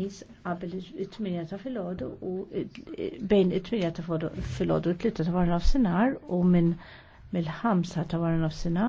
Nis qabel it-8 ta' filgħodu u bejn it-8 ta' filgħodu u tlieta ta' wara nofsinhar u minn mill ħamsa ta' wara nofsinhar.